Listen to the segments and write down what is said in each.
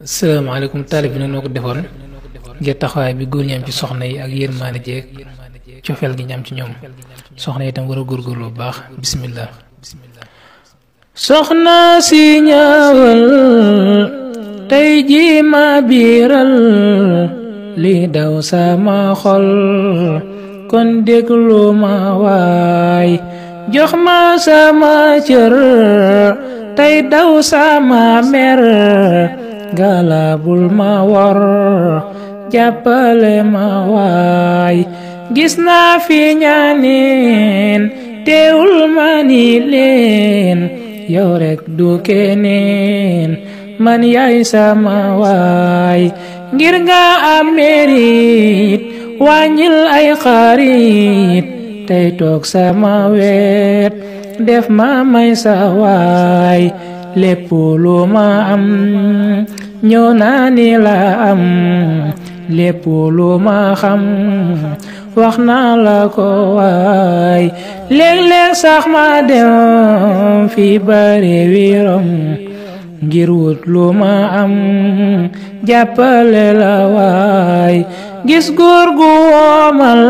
asalaamaaleykum taalib bi noonu ma ko defoon ngir taxawaay bi góor ñi am ci soxna yi ak yërmaande jeeg cofeel gi ñu am ci ñoom soxna itam war a góorgóorlu bu baax bisimilah. soxna si ñëwal tey ji ma biral li daw sama xol kon déglu ma waay jox ma sama cër tey daw sama mer galabul mawar japale mawai gisna fi teul teewul mani leen man yai sama wai, ngir amerit, wanyil ay karit, tey sama wet def ma may sa lépp lu ma am ñëw naa la am lépp lu ma xam wax naa la ko waay léeg-léeg sax ma dem fi bare wiirom ngir wut lu ma am jàppale la waay gis góor gu woomal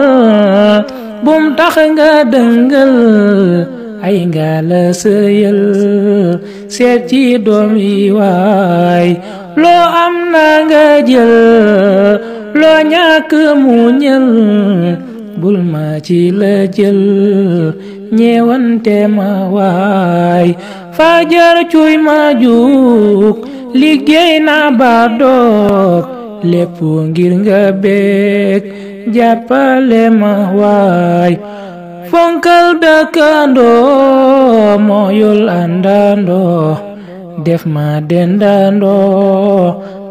bum tax nga dëngal ay ngala sëyal seet ci doom yi waay loo am na nga jël loo ñàkk mu ñël bul ma ci la jël ñeewante ma waay fajar cuy ma juug liggéey na ba doog lépp ngir nga beeg jàppale ma waay fonkal dakando moyul andando, def ma do,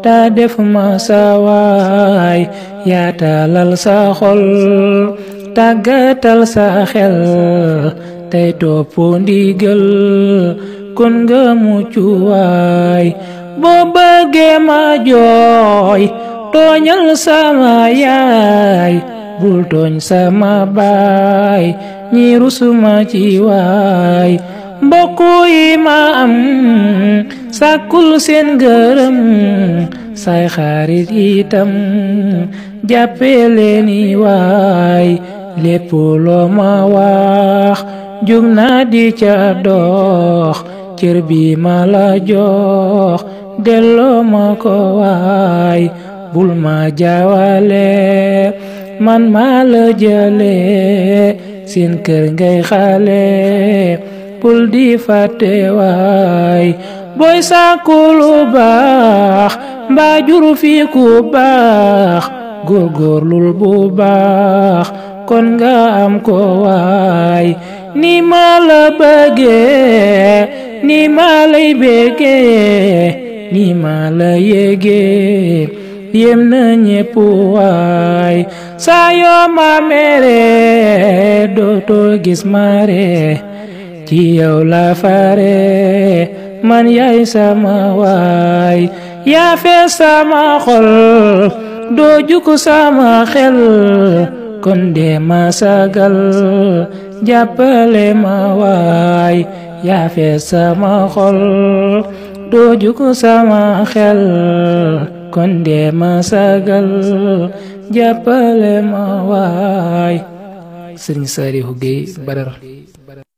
ta def ma ya talal sa xol sahel, sa xel tey topp ndigal kon nga muccu way bo bege ma jooy tooñal sama yaay don sama bay nyiru suma ci boku imam sakul sen garam say kharit itam japele ni i waay lépp loo ma di cerbi delo mako bulma jawale man mal jale sin keur puldi ngay xale pul di fàtte waay booy sàkku lu kongam kowai juru fi ku gor góorgóorlul bu bax kon nga am ko way ni maa la ni mala lay ni mala yege. Diem nenyepuai Sayo mamere Doto gismare mare la fare Man yai sama wai ya fe sama khol dojuku sama khel kon masagal ma sagal ya ma wai ya sama khol dojuku sama khel kon dee ma jàppale ma waay Serigne Saliou Gueye Badar